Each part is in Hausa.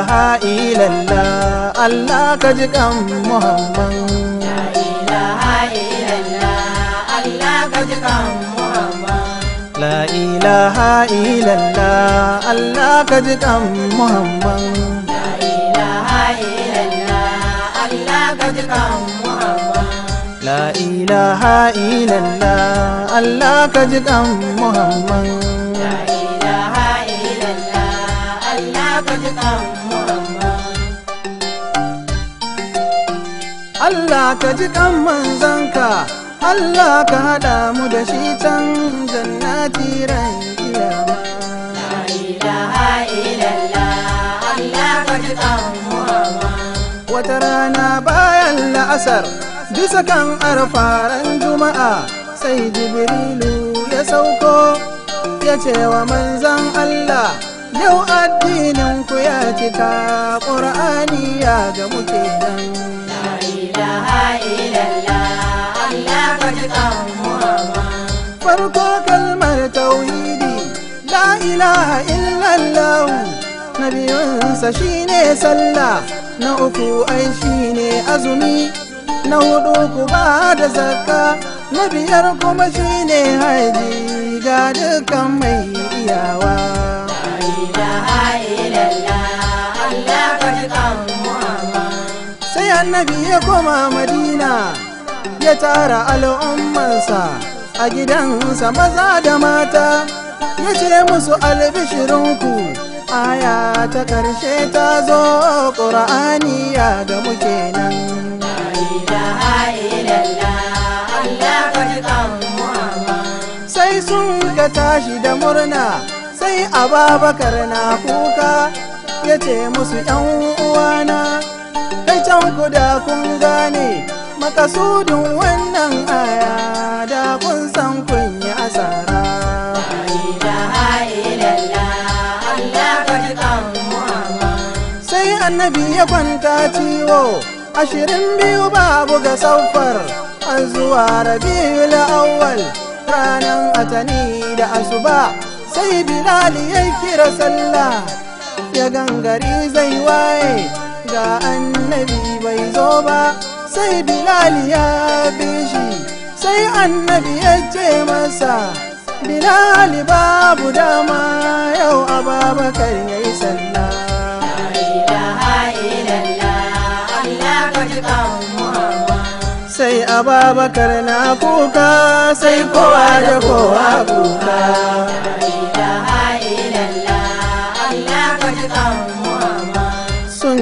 ilaha illallah Allah ka ji kan Muhammad la ilaha illallah Allah ka ji kan Muhammad la ilaha illallah Allah ka ji kan Muhammad la ilaha illallah Allah ka ji kan Muhammad la ilaha illallah Allah ka ji kan Muhammad Allah ka ji kan manzanka, Allah ka haɗa mu da shi can jannati ran kiyama. La ilaha Allah ka ji kan Muhammad. Wata rana bayan la'asar, bisa kan arfaran juma'a, sai Jibrilu ya sauko, ya ce wa manzan Allah, yau addinin ku ya cika ƙur'ani ya ga muke dan la ilaha illallah Allah ka farko kalmar tauhidi la ilaha illallah nabiyunsa shine sallah na uku ai shine azumi na hudu ku ba da zakka na biyar kuma shine haji ga dukkan mai iyawa sai annabi ya koma madina ya tara al'ummansa a gidansa maza da mata ya ce musu albishirinku aya ta ƙarshe ta zo ƙura'ani da muke nan sai sun ka tashi da murna wai ababakar na kuka ya ce musu yan uwana kai can ku da kun gane makasudin wannan aya da kun san kun yi asara sai annabi ya kwanta ciwo ashirin biyu babu ga saufar an zuwa rabiul awwal ranar atani da asuba sai bilal ya kira sallah ya gangari zai waye ga annabi bai zo ba sai bilal ya bi sai annabi ya ce masa bilal babu dama yau ababakar ya yi sallah sai ababakar na kuka sai kowa da kowa kuka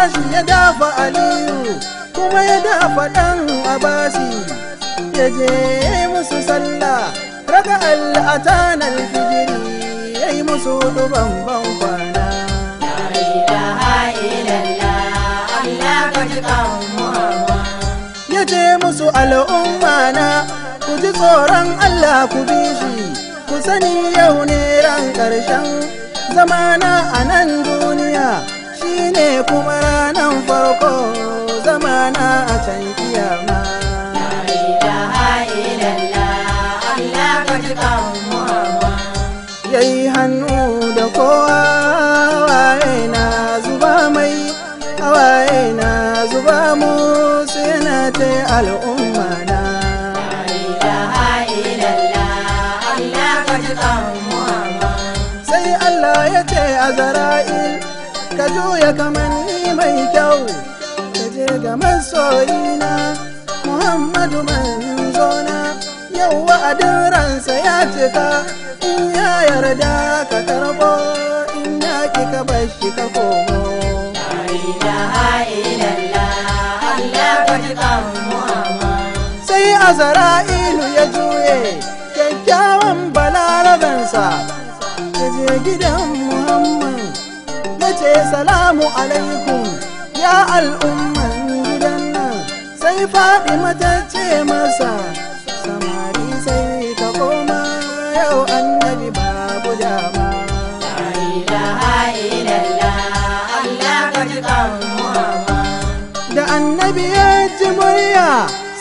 tashi ya dafa aliyu kuma ya dafa ɗan abasi ya je musu sallah raka al'ata na fijiri ya yi musu duban ban kwana ya ce musu al'umma na ku ji tsoron allah ku bi shi ku sani yau ne ran ƙarshen zamana a nan duniya shine kuma ranan farko zamana a can kiyama juya ni mai kyau ka je ga masoyina muhammadu na yau wa'adin ransa ya cika in ya yarda ka karbo in ya ki ka bar shi ka komo sai azara alaikum ya al'umman gidan nan sai faɗi mata ce masa samari sai ka koma yau annabi babu dama da annabi ya ji murya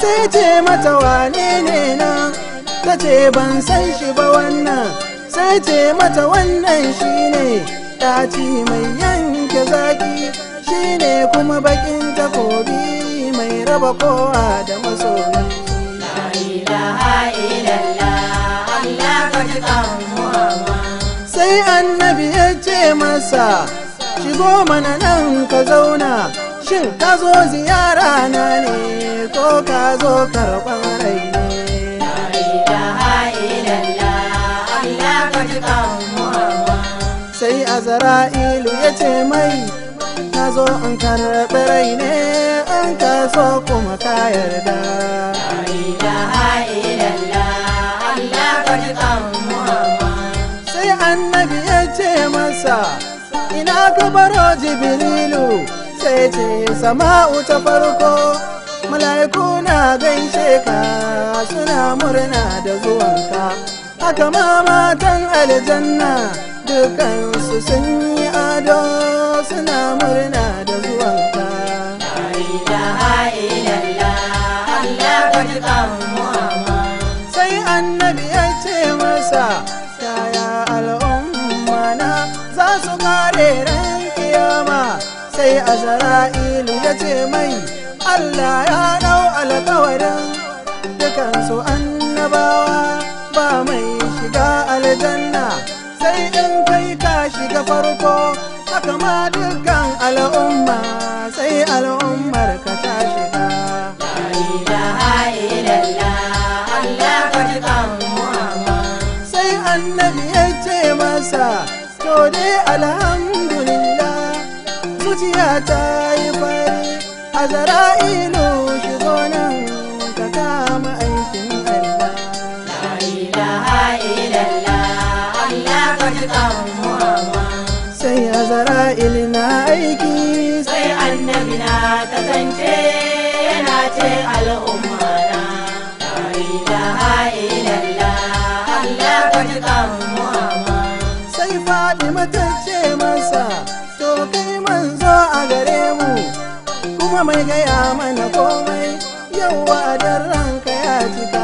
sai ce mata wane ne nan ta ce ban san shi ba wannan sai ce mata wannan shine ne ɗaci mai ya kashe zaki shine kuma bakin takobi mai raba kowa da masoyi sai annabi ya ce masa shigo mana nan ka zauna shin ka zo ziyara na ne ko ka zo karɓar rai ne Allah ka ji sai azra'ilu ya ce mai na zo in karɓi rai ne an ka so kuma ka yarda sai annabi ya ce masa ina ka baro jibrilu sai ce sama'u ta farko mala'iku na gaishe ka suna murna da zuwanka haka ma matan aljanna dukansu sun yi ado suna murna da zuwanka sai annabi ya ce masa yaya al'ummana na za su kare ran kiyama sai azra'ilu ya ce mai allah ya dau alkawarin dukansu annabawa ba mai shiga aljanna sai farko haka ma dukkan al'umma sai al'ummar ka ta shiga sai annabi ya ce masa to dai alhamdulillah zuciya ta yi fari azra'ilu shigo nan ka kama aikin Allah la ilaha illallah Allah ka ji kan Muhammad sai azra'il na aiki sai annabi na kasance yana ce al'umma na ilaha ilallah Allah ka ji sai faɗi ta masa to kai manzo a gare mu kuma mai gaya mana komai yau wa ranka ya cika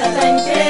Santa you.